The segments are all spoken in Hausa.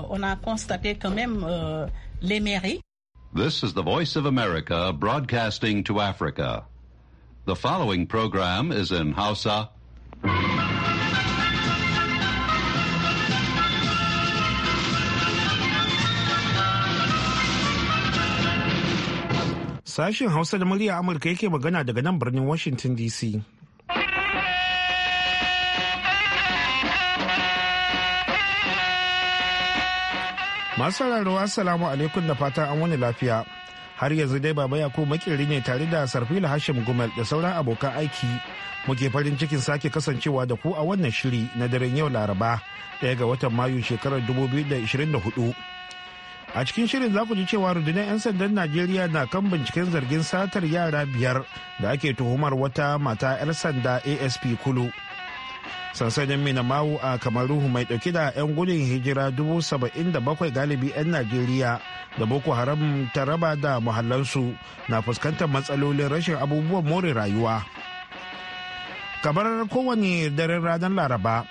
Euh, on a constaté quand même euh, les mairies. This is the Voice of America broadcasting to Africa. The following program is in Hausa. Sashen Hausa da murya Amurka yake magana daga nan birnin Washington DC. Masu sauraro Assalamu alaikum da fatan an wani lafiya. Har yanzu dai Baba Yakubu makeri ne tare da Sarfila Hashim Gumel da sauran abokan aiki. Muke farin cikin sake kasancewa da ku a wannan shiri na daren yau Laraba, ɗaya ga watan Mayu shekarar 2024. a cikin shirin za ku ji cewa rundunar 'yan sandan najeriya na kan binciken zargin satar yara biyar da ake tuhumar wata mata 'yar sanda asp kulu sansanin minamawu a kamaruhu mai dauke da 'yan gudun hijira 77 galibi 'yan najeriya da boko haram ta raba da muhallansu na fuskantar matsalolin rashin abubuwan more rayuwa kamar kowane daren ranar laraba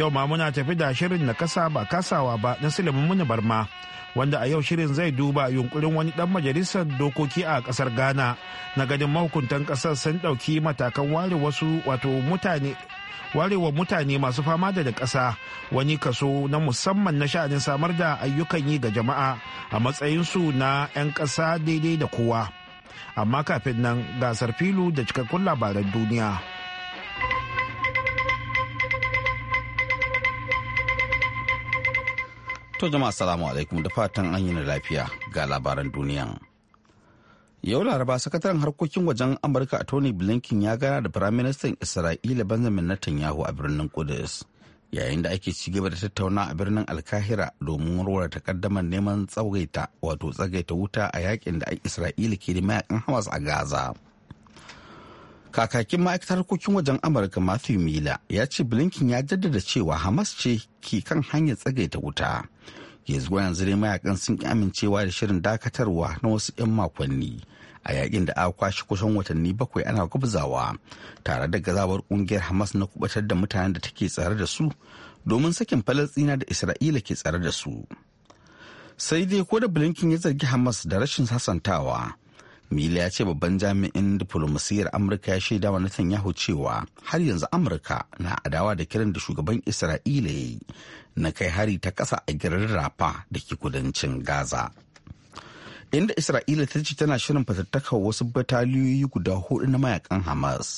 yau ma muna tafi da shirin na kasa ba kasawa ba na silimin muni barma wanda a yau shirin zai duba yunkurin wani dan majalisar dokoki a kasar ghana na ganin mahukuntan kasar sun dauki matakan ware wasu wato mutane warewa mutane masu fama da da ƙasa wani kaso na musamman na sha'anin samar da ayyukan yi ga jama'a a matsayinsu na 'yan ƙasa daidai da kowa. Amma kafin nan gasar filu da cikakkun labaran duniya. To jama'a salamu alaikum da fatan an yi lafiya ga labaran duniya. yau laraba sakataren harkokin wajen amurka a tony blinken ya gana da firaministan isra'ila benjamin netanyahu a birnin kudus yayin da ake cigaba da tattauna a birnin alkahira domin warware takaddamar neman tsagaita wato tsagaita wuta a yakin da isra'ila ke da mayakan hamas a gaza kakakin ma'aikatar harkokin wajen amurka matthew miller ya ce blinken ya jaddada cewa hamas ce ke kan hanyar tsagaita wuta yanzu zuwa yanzu ne mayakan sun ki amincewa da shirin dakatarwa na wasu 'yan makonni a yakin da aka kwashe kusan watanni bakwai ana gabzawa, tare da gazawar kungiyar hamas na kubatar da mutanen da take tsare da su domin sakin falastina da isra'ila ke tsare da su sai dai ko da blinken ya zargi hamas da rashin sasantawa mila ya ce babban jami'in diflomasiyyar amurka ya shaida wa netanyahu cewa har yanzu amurka na adawa da kiran da shugaban isra'ila ya yi na kai hari ta kasa a girin rafa da ke kudancin gaza inda isra'ila ta ce tana shirin fatattakar wasu bataliyoyi guda hudu na mayakan hamas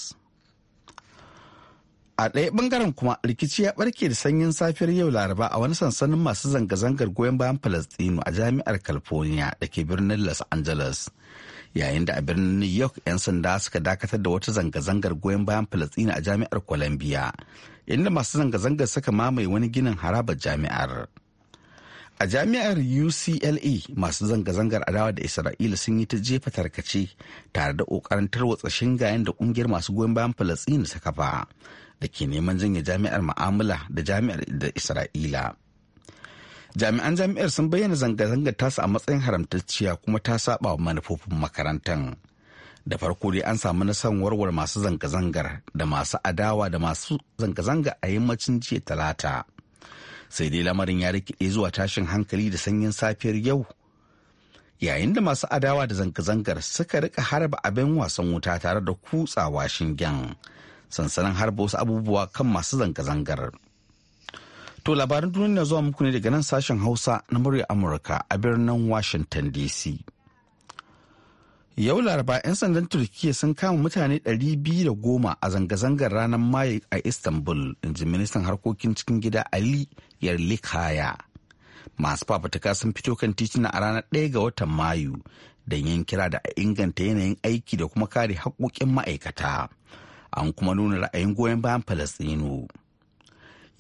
a ɗaya bangaren kuma rikici ya barke da sanyin safiyar yau laraba a wani sansanin masu zanga-zangar goyon bayan palestino a jami'ar california da ke birnin los angeles yayin da a birnin new york 'yan sanda suka dakatar da wata zanga-zangar goyon bayan falastinu a jami'ar columbia inda masu zanga-zangar suka mamaye wani ginin harabar jami'ar. A jami'ar UCLA masu zanga-zangar adawa da Isra'ila sun yi ta jefa tarkace tare da ƙoƙarin tarwatsa shingayen da ƙungiyar masu goyon bayan Falasɗini suka kafa. da ke neman janye jami'ar ma'amala da jami'ar da Isra'ila. Jami'an jami'ar sun bayyana zanga-zangar tasa a matsayin haramtacciya kuma ta saba wa manufofin makarantar. Da farko dai an samu nasarar warware masu zanga-zangar da masu adawa da masu zanga-zanga a yammacin jiya talata. sai dai lamarin ya rikide zuwa tashin hankali da sanyin safiyar yau yayin da masu adawa da zanga-zangar suka rika harba abin wasan wuta tare da kutsawa shingen sansanin harba wasu abubuwa kan masu zanga-zangar to labarin duniya zuwa muku ne daga nan sashen hausa na murya amurka a birnin washington dc yau laraba 'yan sandan turkiya sun kama mutane 210 a zanga-zangar ranar mayu a istanbul in ji ministan harkokin cikin gida ali jam'iyyar likaya Masu fafutuka sun fito kan titina a ranar ɗaya ga watan Mayu don yin kira da inganta yanayin aiki da kuma kare haƙoƙin ma'aikata. An kuma nuna ra'ayin goyon bayan yar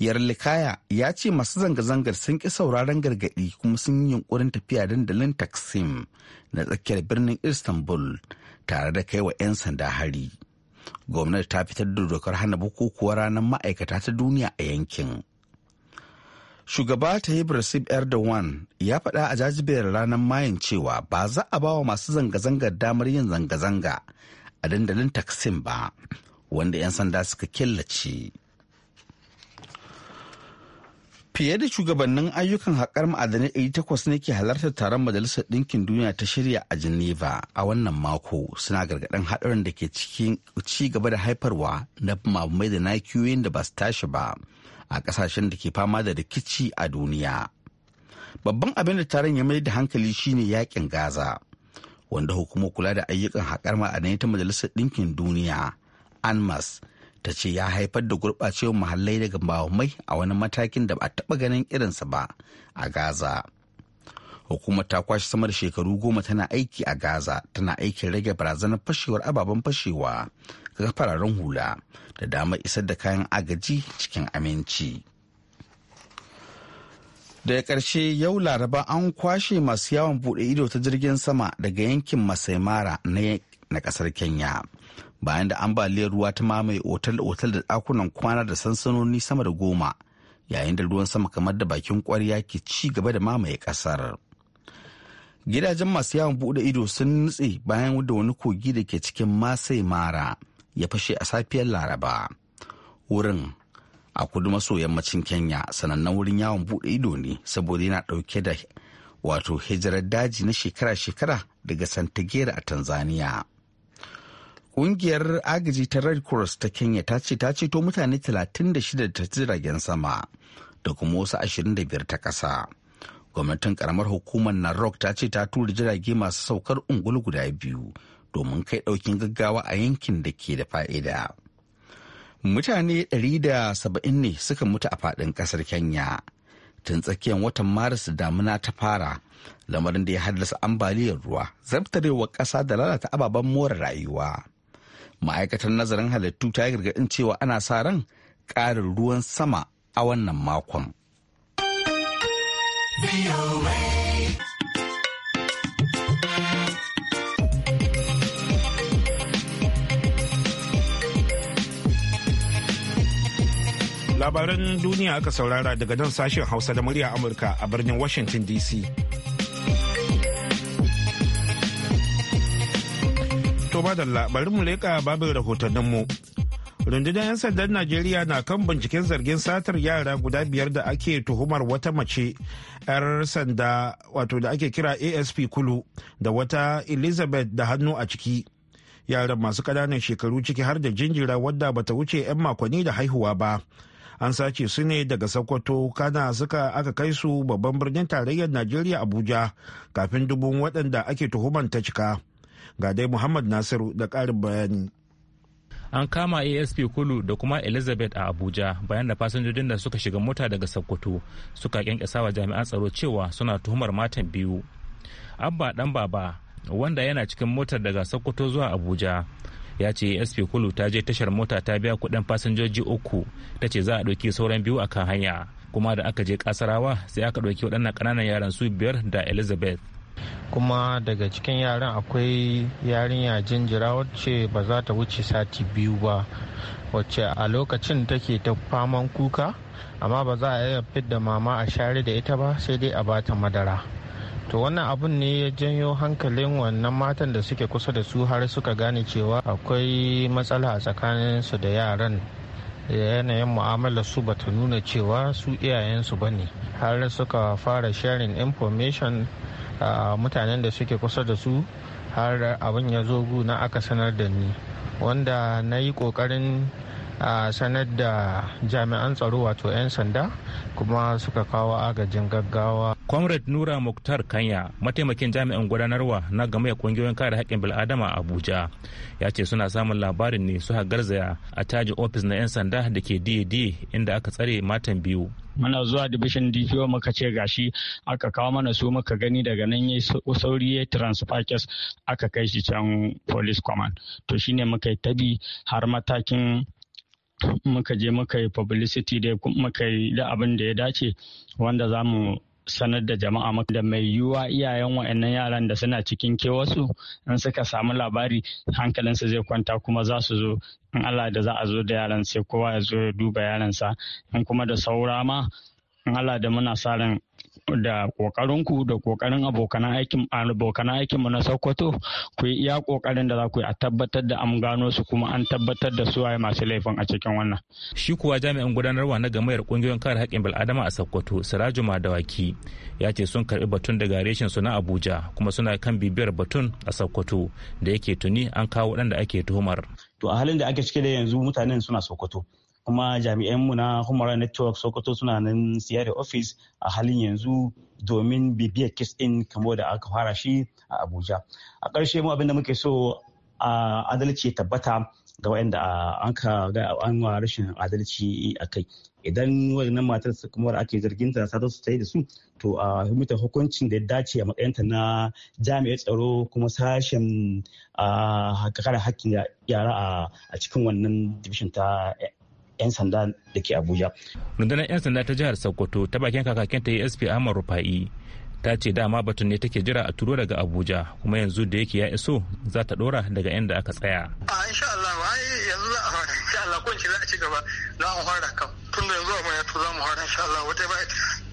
Yarlikaya ya ce masu zanga-zangar sun ƙi sauraron gargaɗi kuma sun yi yunkurin tafiya dandalin Taksim na tsakiyar birnin Istanbul tare da kai wa 'yan sanda hari. Gwamnati ta fitar da dokar hana bukukuwa ranar ma'aikata ta duniya a yankin. shugaba ta yi recep erdogan ya faɗa a jajibiyar ranar mayan cewa ba za a ba wa masu zanga-zangar damar yin zanga-zanga a dandalin taksim ba wanda 'yan sanda suka killace fiye da shugabannin ayyukan haƙar ma'adanai takwas ne ke halartar taron majalisar ɗinkin duniya ta shirya a geneva a wannan mako suna gargaɗin haɗarin da ke cikin ci gaba da haifarwa na mamai da nakiyoyin da ba su tashi ba. a kasashen da ke fama da rikici a duniya babban abin da taron ya mai da hankali shine yakin gaza wanda hukumar kula da ayyukan haƙar ma'adanai ta majalisar ɗinkin duniya anmas ta ce ya haifar da gurɓacewar muhallai daga mai a wani matakin da ba a taɓa ganin irinsa ba a gaza hukumar ta kwashe sama da shekaru goma tana aiki a gaza tana aikin rage barazanar fashewar ababen fashewa ga fararen hula da damar isar da kayan agaji cikin aminci. daga ƙarshe yau laraba an kwashe masu yawon buɗe ido ta jirgin sama daga yankin masai mara na ƙasar kenya bayan da ambaliyar ruwa ta mamaye otal-otal da ɗakunan kwana da sansanoni sama da goma yayin da ruwan sama kamar da bakin ƙwarya ke ci gaba da mamaye ƙasar gidajen masu yawon buɗe ido sun nutse bayan da wani kogi da ke cikin masai mara ya fashe a safiyar laraba wurin a kudu maso yammacin kenya sanannen wurin yawon bude ido ne saboda yana dauke da wato hijirar daji na shekara-shekara daga santagera a tanzania Ƙungiyar agaji ta Red Cross ta Kenya ta ce ta ceto mutane 36 ta jiragen sama da kuma wasu 25 ta kasa Gwamnatin karamar hukumar Narok ta ce ta tura jirage masu saukar ungulu guda biyu domin kai ɗaukin gaggawa a yankin da ke da fa'ida. Mutane da saba'in ne suka mutu a faɗin ƙasar Kenya tun tsakiyar watan Maris damuna ta fara lamarin da ya haddasa ambaliyar ruwa zabtarewar ƙasa da lalata ababen more rayuwa. Ma'aikatar nazarin halittu ta yi gargaɗin cewa ana sa ran ƙarin ruwan sama a wannan makon. labaran duniya aka saurara daga nan sashen hausa da murya amurka a birnin washington dc to badalla bari mu leƙa babin rahotanninmu rundunar 'yan sandan najeriya na kan binciken zargin satar yara guda biyar da ake tuhumar wata mace 'yar sanda wato da ake kira asp kulu da wata elizabeth da hannu a ciki yaran masu ƙananan shekaru ciki har da jinjira wadda bata wuce 'yan makonni da haihuwa ba an sace su ne daga sokoto kana suka aka kai su babban birnin tarayyar najeriya abuja kafin dubun waɗanda ake tuhuman ta cika ga dai muhammad nasiru da ƙarin bayani an kama asp kulu da kuma elizabeth a abuja bayan da fasinjojin da suka shiga mota daga sokoto suka kyankyasa wa jami'an tsaro cewa suna tuhumar matan biyu abba dan baba wanda yana cikin motar daga sokoto zuwa abuja ya ce sp kulu ta je tashar mota ta biya kudin fasinjoji uku ta ce za a ɗauki sauran biyu a kan hanya kuma da aka je kasarawa sai aka ɗauki waɗannan ƙananan yaran su biyar da elizabeth kuma daga cikin yaran akwai yarinya jinjira wacce ba za ta wuce sati biyu ba wacce a lokacin take ta faman kuka amma ba za a iya fidda mama a share da ita ba sai dai a bata madara to wannan abun ne ya janyo hankalin wannan matan da suke kusa da su har suka gane cewa akwai matsala a tsakaninsu da yaran yanayin mu'amalar su bata nuna cewa su iyayensu ba ne har suka fara sharing information a mutanen da suke kusa da su har abin ya zo na aka sanar da ni wanda na yi ƙoƙarin a sanar da jami'an tsaro wato 'yan sanda kuma suka kawo agajin gaggawa. comrade nura muktar kanya mataimakin jami'an gudanarwa na game da kungiyoyin kare haƙƙin bil'adama a abuja ya ce suna samun labarin ne su garzaya a taji ofis na 'yan sanda da ke diye inda aka tsare matan biyu muna zuwa division dpo muka ce gashi aka kawo mana su muka gani daga nan ya sauri ya transfer case aka kai shi can police command to shine muka yi tabi har matakin muka je muka yi publicity da muka yi da abin da ya dace wanda za mu sanar da jama'a maka. da mai yiwuwa iyayen wa'annan yaran da suna cikin kewasu in suka samu labari hankalinsu zai kwanta kuma za su zo in Allah da za a zo da yaran sai kowa ya zo ya duba yaransa in kuma da saura ma in Allah da muna sa ran da ƙoƙarinku da ƙoƙarin abokan aikin aikinmu na Sokoto ku yi iya ƙoƙarin da za ku yi a tabbatar da an gano su kuma an tabbatar da su waye masu laifin a cikin wannan. Shi kuwa jami'an gudanarwa na gamayar ƙungiyoyin kare haƙƙin bil'adama a Sokoto Siraju Madawaki ya ce sun karɓi batun daga reshen su na Abuja kuma suna kan bibiyar batun a Sokoto da yake tuni an kawo waɗanda ake tuhumar. To a halin da ake cike da yanzu mutanen suna Sokoto. kuma jami'an mu na humara network sokoto suna nan siyar da office a halin yanzu domin bibiyar kes din kamo da aka fara shi a abuja a ƙarshe mu abinda muke so a adalci tabbata ga wa'anda an ka ga an wa rashin adalci a kai idan wannan matar kuma ake zargin ta sa su tsaye da su to a mutan hukuncin da ya dace a matsayinta na jami'ar tsaro kuma sashen a kare hakkin yara a cikin wannan division ta 'yan sanda da ke abuja rundunar 'yan sanda ta jihar sokoto ta bakin kakakin ta sp ahmad rufa'i ta ce dama batun ne take jira a turo daga abuja kuma yanzu da yake ya iso za ta dora daga inda aka tsaya a insha Allah ai yanzu za a fara insha Allah kun ci za a ci gaba za a fara kam tun da yanzu a mai to za mu fara insha Allah wata ba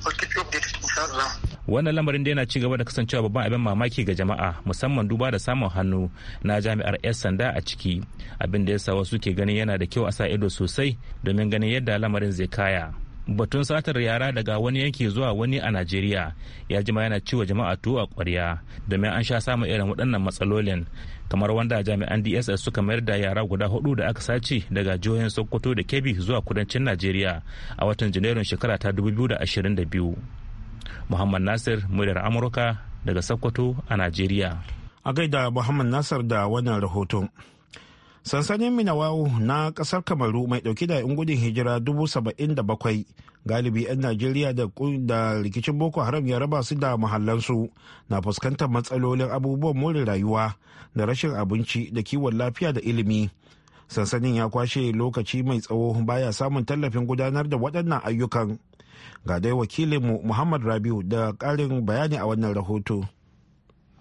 ta keep kifi updated insha Allah wannan lamarin da yana ci gaba da kasancewa babban abin mamaki ga jama'a musamman duba da samun hannu na jami'ar 'yan sanda a ciki abin da ya sa wasu ke ganin yana da kyau a sa ido sosai domin ganin yadda lamarin zai kaya batun satar yara daga wani yanki zuwa wani a najeriya ya jima yana wa jama'a tuwo a kwarya domin an sha samun irin waɗannan matsalolin kamar wanda jami'an dss suka mayar da yara guda hudu da aka sace daga jihohin sokoto da kebbi zuwa kudancin najeriya a watan janairun shekara ta 2022 muhammad nasir muryar amurka daga sokoto a najeriya a gaida muhammad nasir da wannan rahoto sansanin minawawu na kasar kamaru mai ɗauki da yan gudun hijira bakwai galibi 'yan najeriya da rikicin boko haram ya raba su da mahallansu na fuskantar matsalolin abubuwan more rayuwa da rashin abinci da kiwon lafiya da ilimi sansanin ya kwashe lokaci mai tsawo baya samun tallafin gudanar da waɗannan ayyukan ga dai wakilin mu muhammad rabiu da karin bayani a wannan rahoto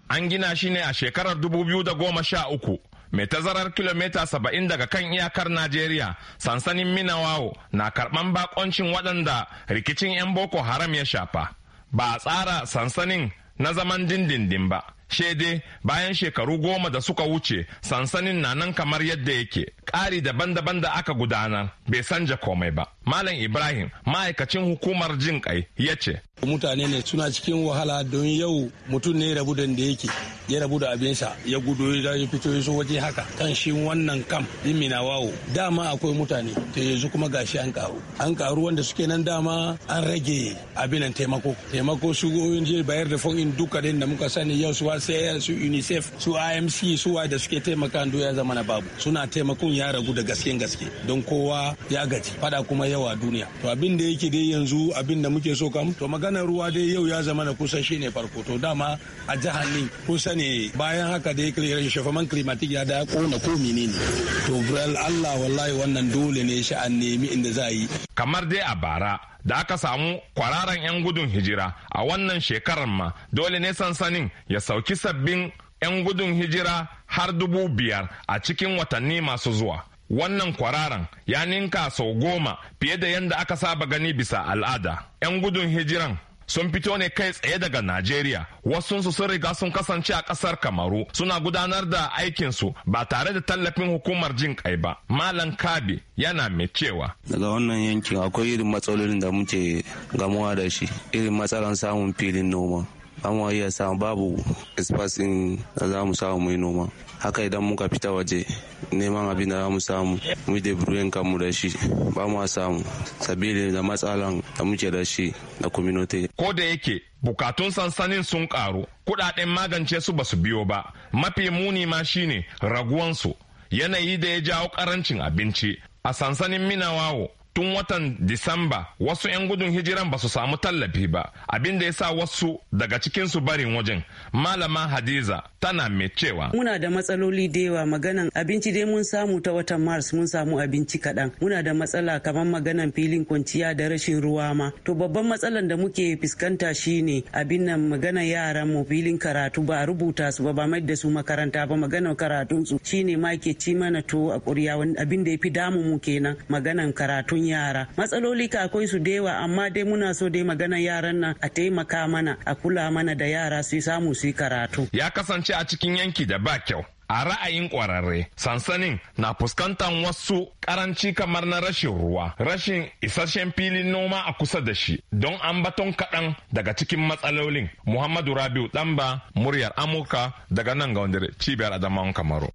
an gina shi ne a shekarar 2013 mai tazarar kilomita saba'in daga kan iyakar Najeriya sansanin minawao na karɓan bakoncin waɗanda rikicin 'yan Boko Haram ya shafa. Ba a tsara sansanin na zaman dindindin ba, shede bayan shekaru goma da suka wuce sansanin na nan kamar yadda yake ƙari daban-daban da aka gudanar bai sanja komai ba malam ibrahim ma'aikacin hukumar jin kai ya ce mutane ne suna cikin wahala don yau mutum ne rabu da yake ya rabu da abinsa ya gudu ya fito ya waje haka kan shi wannan kam din wawo dama akwai mutane ta yanzu kuma gashi an karu an karu wanda suke nan dama an rage abinan taimako taimako su goyin bayar da fon in duka da muka sani yau su USAID su UNICEF su IMC su da suke taimaka do ya zama na babu suna taimakon ya ragu da gaske gaske don kowa ya gaji fada kuma yawa duniya to abin da yake dai yanzu abin da muke so kam to maganar ruwa dai yau ya zama na kusa shine farko to dama a jihar ne kusa ne bayan haka dai shafaman climatic ya da ya kona ko menene to Allah wallahi wannan dole ne sha'an nemi inda za yi kamar dai a bara da aka samu kwararan 'yan gudun hijira a wannan shekarar ma dole ne sansanin ya sauki sabbin 'yan gudun hijira har dubu biyar a cikin watanni masu zuwa wannan kwararan ya ninka sau goma fiye da yadda aka saba gani bisa al'ada 'yan gudun hijiran sun fito ne kai tsaye daga Najeriya. wasu sun riga sun kasance a ƙasar Kamaru suna gudanar da aikin su ba tare da tallafin hukumar jin kai ba. Malam Kabe yana mai cewa. Daga wannan yankin akwai irin matsalolin da muke gamuwa da shi, irin matsalan samun filin noma. an iya samu babu espasin da za mu samu mai noma haka idan muka fita waje neman abin da mu samu mu da buruyen kanmu da shi ba mu samu sabili da matsalan da muke da shi na community ko da yake bukatun sansanin sun karu kudaden magance su basu biyo ba mafi muni ma shine raguwansu yanayi da ya jawo karancin abinci a sansanin minawawo tun watan Disamba wasu 'yan gudun hijiran ba su samu tallafi ba abin da ya sa wasu daga cikinsu barin wajen malama Hadiza tana mai cewa. Muna da matsaloli da yawa maganan abinci dai mun samu ta watan Mars mun samu abinci kaɗan muna da matsala kamar maganan filin kwanciya da rashin ruwa ma to babban matsalan da muke fuskanta shi ne abin nan maganan yaran mu filin karatu ba rubuta su ba ba mai da su makaranta ba maganan karatunsu su shine ma ke ci mana to a ƙuriya abin da ya fi damu mu kenan maganan karatun taimakon yara matsaloli ka akwai su da yawa amma dai muna so dai magana yaran nan a taimaka mana a kula mana da yara su samu su karatu ya kasance a cikin yanki da ba kyau a ra'ayin kwararre sansanin na fuskantar wasu karanci kamar na rashin ruwa rashin isasshen filin noma a kusa da shi don an baton kaɗan daga cikin matsalolin muhammadu rabiu ɗanba muryar amurka daga nan ga wanda cibiyar adamawan kamaru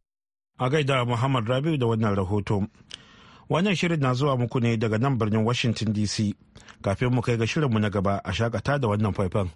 a gaida muhammad rabiu da wannan rahoto Wannan shirin na zuwa muku ne daga nan birnin Washington DC. Kafin mu kai ga shirinmu na gaba a shakata da wannan faifan.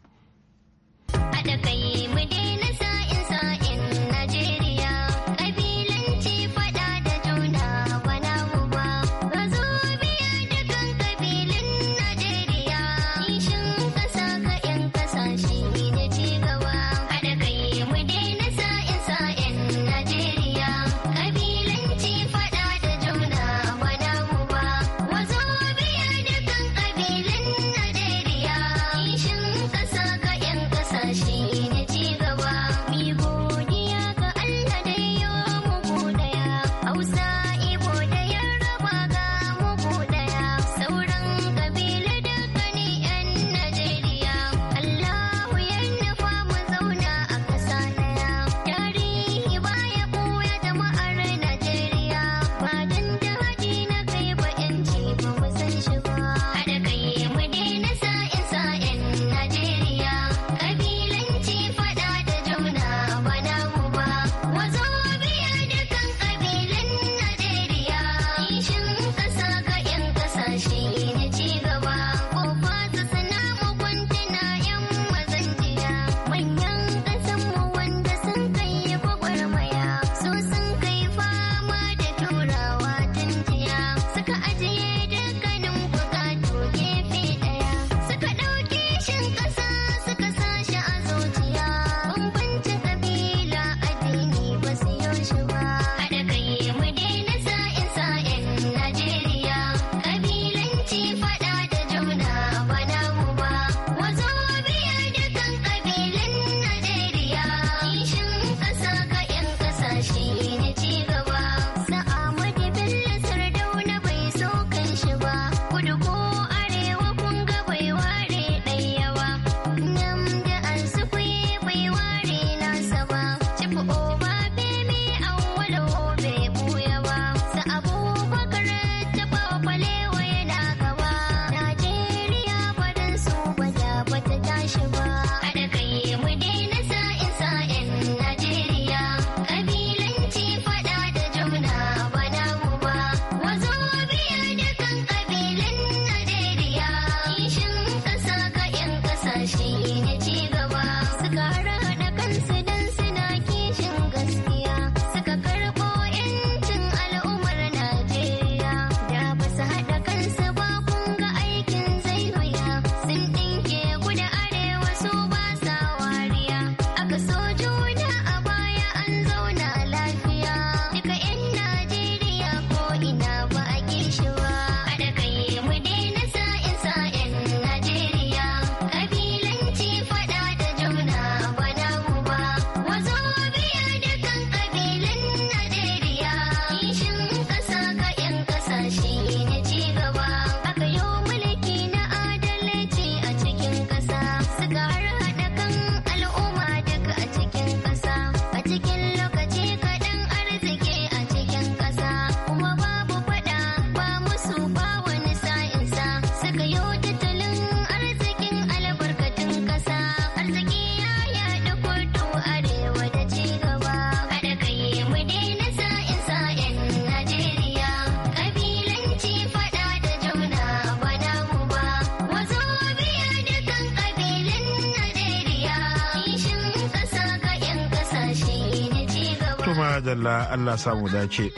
Allah Allah samu dace.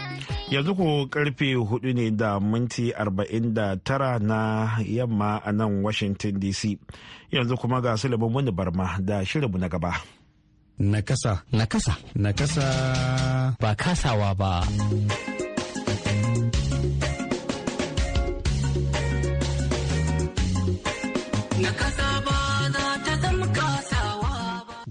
Yanzu ko karfe hudu ne da minti arba'in da tara na yamma a nan Washington DC. Yanzu kuma ga Sulaiman wani barma da shirinmu na gaba. Nakasa. Nakasa. Nakasa. Ba kasawa ba.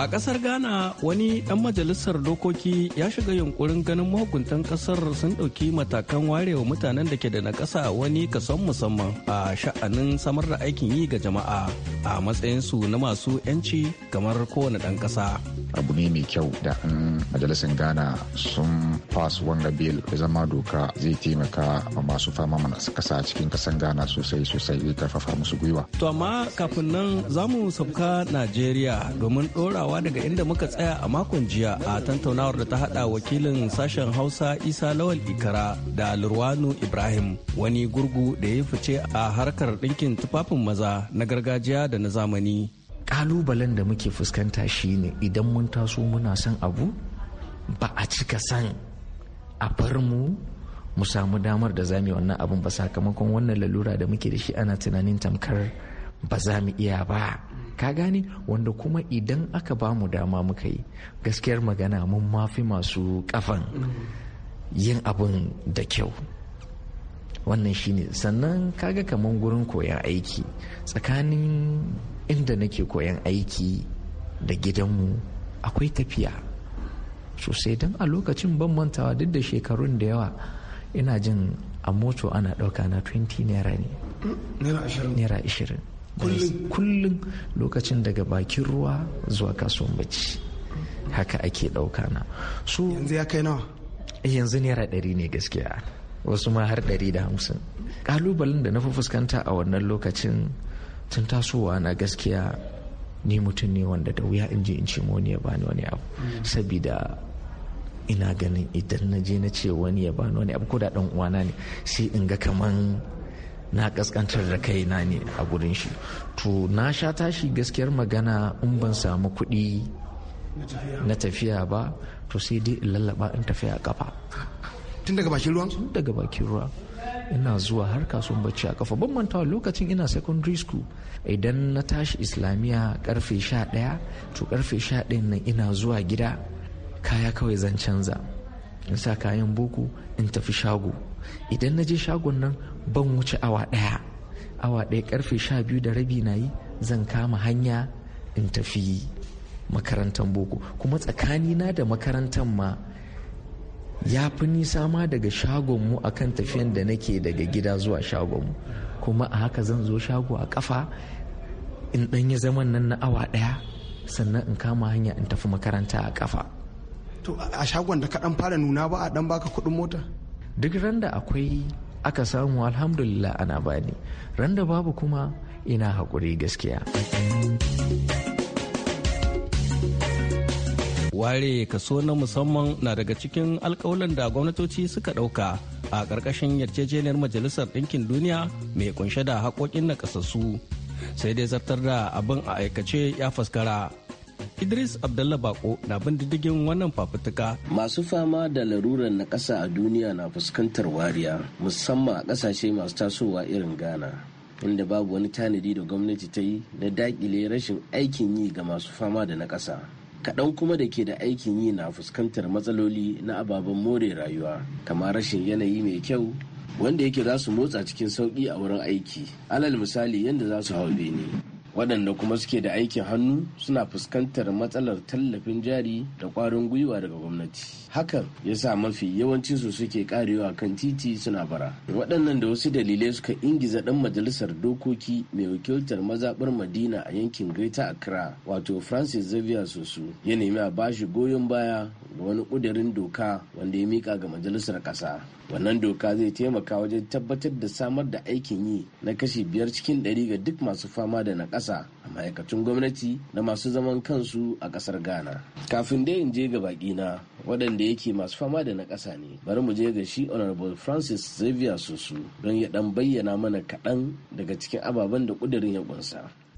A ƙasar Ghana wani ɗan majalisar dokoki ya shiga yunkurin ganin mahukuntan ƙasar sun ɗauki matakan warewa mutanen da ke da na ƙasa wani kason musamman a sha'anin samar da aikin yi ga jama'a a matsayinsu na masu 'yanci kamar kowane ɗan ƙasa. Abu ne mai kyau da an majalisar Ghana sun pass wanga bil da zama doka zai taimaka ma masu fama mana ƙasa cikin ƙasar Ghana sosai sosai zai karfafa musu gwiwa. To amma kafin nan za mu sauka Najeriya domin ɗorawa ɗorawa daga inda muka tsaya a makon jiya a tantaunawar da ta hada wakilin sashen Hausa Isa Lawal Ikara da Lurwanu Ibrahim wani gurgu da ya fice a harkar ɗinkin tufafin maza na gargajiya da na zamani. kalubalen da muke fuskanta shine idan mun taso muna son abu ba a cika san a bar mu mu samu damar da zami wannan abun ba sakamakon wannan lalura da muke da shi ana tunanin tamkar ba za mu iya ba ka gane wanda kuma idan aka ba mu dama muka yi gaskiyar magana mun mafi masu kafan yin abin da kyau wannan shine sannan kaga kamar gurin koyan aiki tsakanin inda nake koyan aiki da gidanmu akwai tafiya sosai don a lokacin ban mantawa duk da shekarun da yawa ina jin a moto ana ɗauka na 20 naira ne naira kullum lokacin daga bakin ruwa zuwa kasuwan bacci haka ake ɗauka na su yanzu ya kai nawa eh, yanzu naira ɗari ne gaskiya wasu ma har ɗari da hamsin ƙalubalen da na fuskanta a wannan lokacin tun tasowa na gaskiya ni mutum ne wanda da wuya in je in ce wani ya bani wani abu mm. sabida ina ganin idan na je na ce wani ya bani wani abu ko da ɗan uwana ne sai in ga kaman na kaskantar da kai na ne a gurin shi to na sha tashi gaskiyar magana in ban samu kuɗi na tafiya ba to sai dai in lallaba in tafiya a kafa tun daga bakin ruwa tun daga bakin ruwa ina zuwa har kasuwan bacci a kafa ban mantawa lokacin ina secondary school idan na tashi islamiyya karfe 11 to karfe 11 nan ina zuwa gida kaya kawai zan canza in sa kayan boko in tafi shago idan na je shagon nan ban wuce awa ɗaya awa ɗaya karfe sha biyu da rabi na yi zan kama hanya in tafi makarantar boko kuma tsakanina da makarantar ma ya fi nisa ma daga shagon mu akan tafiyan da nake daga gida zuwa shagon mu kuma a haka zan zo shago a kafa in ɗanyi zaman nan na awa ɗaya sannan in kama hanya in tafi makaranta a kafa to a shagon da kaɗan fara nuna ba a ɗan baka kuɗin mota duk randa akwai aka samu alhamdulillah ana bani randa babu kuma ina haƙuri gaskiya ware kaso na musamman na daga cikin alkawalan da gwamnatoci suka ɗauka a ƙarƙashin yarjejeniyar majalisar ɗinkin duniya mai kunshe da haƙoƙin na ƙasassu sai dai zartar da abin a aikace ya faskara Idris Abdullah Bako na bin wannan fafutuka. Masu fama da larurar na ƙasa a duniya na fuskantar wariya musamman a ƙasashe masu tasowa irin Ghana. Inda babu wani tanadi da gwamnati ta yi na daƙile rashin aikin yi ga masu fama da na ƙasa. Kaɗan kuma da ke da aikin yi na fuskantar matsaloli na ababen more rayuwa, kamar rashin yanayi mai kyau, wanda yake za su motsa cikin sauƙi a wurin aiki alal misali yadda za su hau bene waɗanda kuma suke da aikin hannu suna fuskantar matsalar tallafin jari da ƙwarin gwiwa daga gwamnati hakan ya sa mafi su suke karewa kan titi suna bara waɗannan da wasu dalilai suka ingiza ɗan majalisar dokoki mai wakiltar mazaɓar madina a yankin greater accra wato francis xavier sosu ya nemi a bashi goyon baya ga wani ƙudurin doka wanda ya mika ga majalisar ƙasa wannan doka zai taimaka wajen tabbatar da samar da aikin yi na kashi biyar cikin ɗari ga duk masu fama da naƙasa ƙasa a ma'aikacin gwamnati na masu zaman kansu a ƙasar ghana kafin dai in je ga na waɗanda yake masu fama da na ƙasa ne bari mu je ga shi honorable francis xavier sosu don ya ɗan bayyana mana kaɗan daga cikin ababen da ƙudurin ya ƙunsa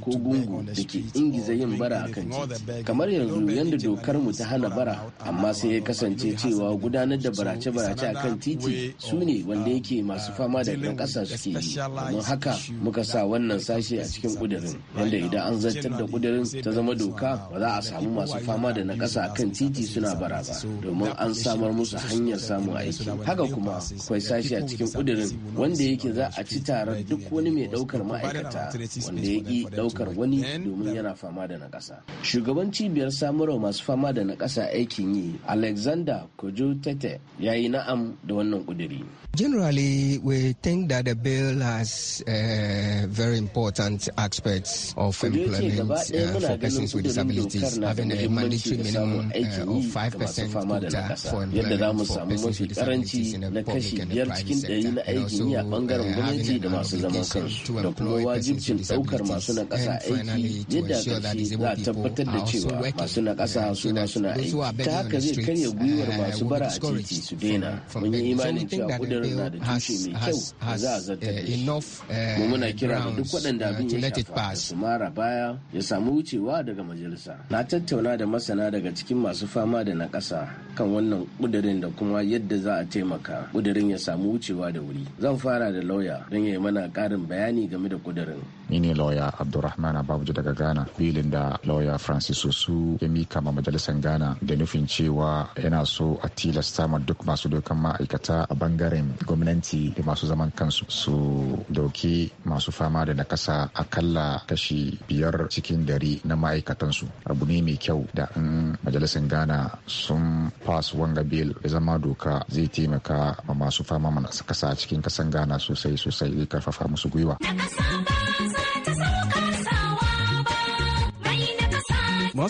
ko gungu da ke ingiza yin bara a kan titi kamar yanzu yadda dokar mu ta hana bara amma sai ya kasance cewa gudanar da barace-barace a kan titi su ne wanda um, yake masu fama da ɗan ƙasa suke yi don haka muka sa wannan sashe a cikin ƙudurin wanda idan an zartar da ƙudurin ta zama doka ba za a samu masu fama da naƙasa ƙasa a kan titi suna bara ba domin an samar musu hanyar samun aiki haka kuma akwai sashe a cikin ƙudurin wanda yake za a ci tarar duk wani mai ɗaukar ma'aikata wanda ya ƙi ɗaukar wani domin yana fama da nakasa. Shugaban cibiyar samarwa masu fama da nakasa aikin yi Alexander Kojo Tete ya yi na'am da wannan ƙuduri. Generally, we think that the bill has uh, very important aspects of implement eh, uh, eh, for persons with disabilities, having a mandatory minimum uh, of 5% quota for employment for persons with disabilities in the public and the private sector, and also uh, having an obligation to employ persons with disabilities ƙasa aiki yadda ƙarshe za a tabbatar da cewa masu na ƙasa su suna aiki ta haka zai karya gwiwar uh, masu bara a titi su daina mun yi imanin cewa kudurin na da tushe mai kyau za a zartar uh, da shi uh, muna kira da duk waɗanda abin ya shafa su mara baya ya samu wucewa daga majalisa na tattauna da masana daga cikin masu fama da na ƙasa kan wannan kudurin da kuma yadda za a taimaka kudurin ya samu wucewa da wuri zan fara da lauya don ya yi mana ƙarin bayani game da kudurin ni ne lawyer abdulrahman ababuja daga ghana filin da lawyer francis su ya mika ma majalisar ghana da nufin cewa yana so a tilasta ma duk masu dokan ma'aikata a bangaren gwamnati da masu zaman kansu su dauki masu fama da nakasa kalla kashi biyar cikin dari na ma'aikatansu abu ne mai kyau da in majalisar ghana sun pass wanga bill ya zama doka zai taimaka ma masu fama mana cikin kasan ghana sosai sosai zai karfafa musu gwiwa.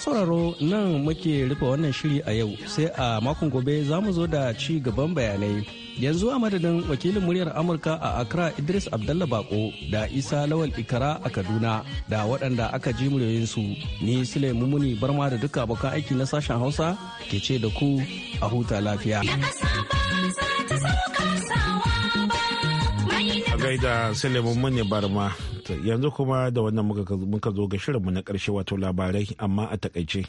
raro nan muke rufe wannan shiri a yau sai a makon gobe za mu zo da ci gaban bayanai yanzu a madadin wakilin muryar amurka a accra idris abdallah bako da isa lawal ikara a kaduna da waɗanda aka ji su ni sule mumuni barma da duka abokan aiki na sashen hausa ke ce da ku a huta lafiya. da Suleiman manya Barma. Yanzu kuma da wannan muka zo ga shirinmu na karshe wato labarai amma a takaice.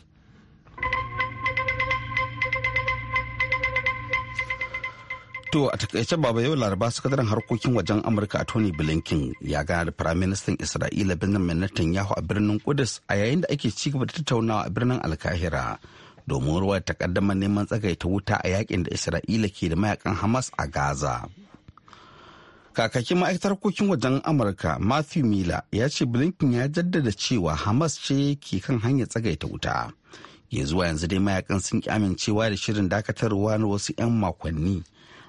To a takaice baba yau laraba sakataren harkokin wajen Amurka a Tony Blinken ya gana da Firaministan Isra'ila Benjamin Netanyahu a birnin Kudus a yayin da ake cigaba da tattaunawa a birnin Alkahira domin ruwa takaddamar neman tsagaita wuta a yakin da Isra'ila ke da mayakan Hamas a Gaza. Kakakin ma'aikatar harkokin wajen Amurka Matthew Miller ya ce Blinken ya jaddada cewa Hamas ce ke kan hanyar tsagaita wuta. yanzu zuwa yanzu dai mayakan sun ki amincewa da shirin dakatarwa na wasu 'yan makonni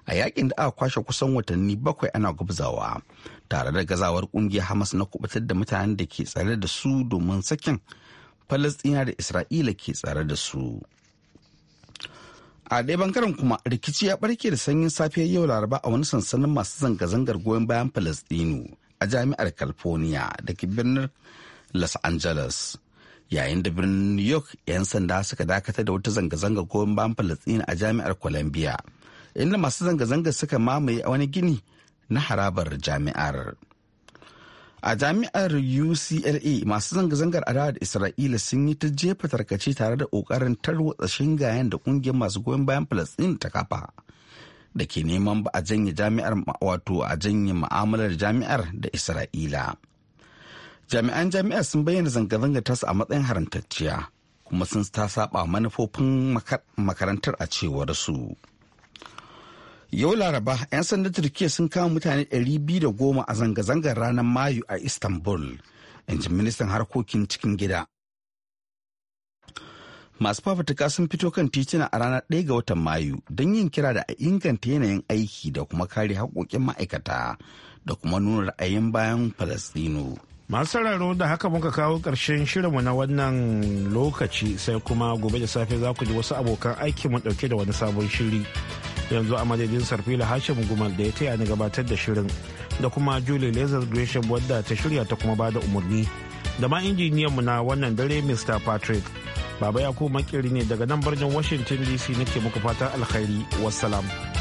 a yakin da aka kwashe kusan watanni bakwai ana gubzawa tare da gazawar kungiyar Hamas na kubutar da mutanen da ke tsare da su domin sakin Falasɗina da Isra'ila ke tsare da su. a dai bangaren kuma rikici ya barke da sanyin safiya yau laraba a wani sansanin masu zanga-zangar goyon bayan palestinu a jami'ar california da ke birnin los angeles yayin da birnin new york 'yan sanda suka dakatar da wata zanga-zangar goyon bayan falastinu a jami'ar columbia inda masu zanga-zangar suka mamaye wani gini na harabar jami'ar. A jami'ar UCLA masu zanga-zangar adawa da Isra'ila sun yi ta jefa tarkace tare da ƙoƙarin tarwatsa shingayen da ƙungiyar masu goyon bayan Falasɗin ta kafa. Da ke neman ba a janye jami'ar wato a janye ma'amalar jami'ar da Isra'ila. Jami'an jami'ar sun bayyana zanga-zangar tasu a matsayin harantacciya kuma sun ta saba manufofin makarantar a cewar su. Yau Laraba, 'yan sandan Turkiyya sun kama mutane 210 a zanga-zangar ranar Mayu a Istanbul, in ministan harkokin cikin gida. Masu fafutuka sun fito kan titina a ranar 1 ga watan Mayu don yin kira da a inganta yanayin aiki da kuma kare haƙoƙin ma'aikata da kuma nuna ra'ayin bayan Falasɗinu. Masu sauraro da haka muka kawo ƙarshen shirinmu na wannan lokaci sai kuma gobe da safe za ku ji wasu abokan aikinmu ɗauke da wani sabon shiri. yanzu a madadin sarfila hashim gumal da ya taya ni gabatar da shirin da kuma julie lazar gresham wadda ta shirya ta kuma bada umarni da ma injiniyan mu na wannan dare mr patrick baba yakubu makiri ne daga nan birnin washington dc nake muku fatan alkhairi wassalam.